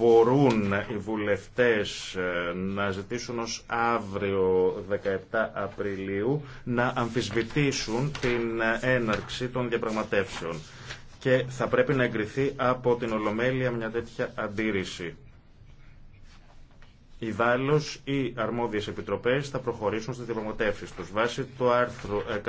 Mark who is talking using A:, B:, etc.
A: μπορούν οι βουλευτές ε, να ζητήσουν ως αύριο 17 Απριλίου να αμφισβητήσουν την ε, έναρξη των διαπραγματεύσεων και θα πρέπει να εγκριθεί από την Ολομέλεια μια τέτοια αντίρρηση. βάλλος οι αρμόδιες επιτροπές θα προχωρήσουν στις διαπραγματεύσεις τους βάσει του άρθρο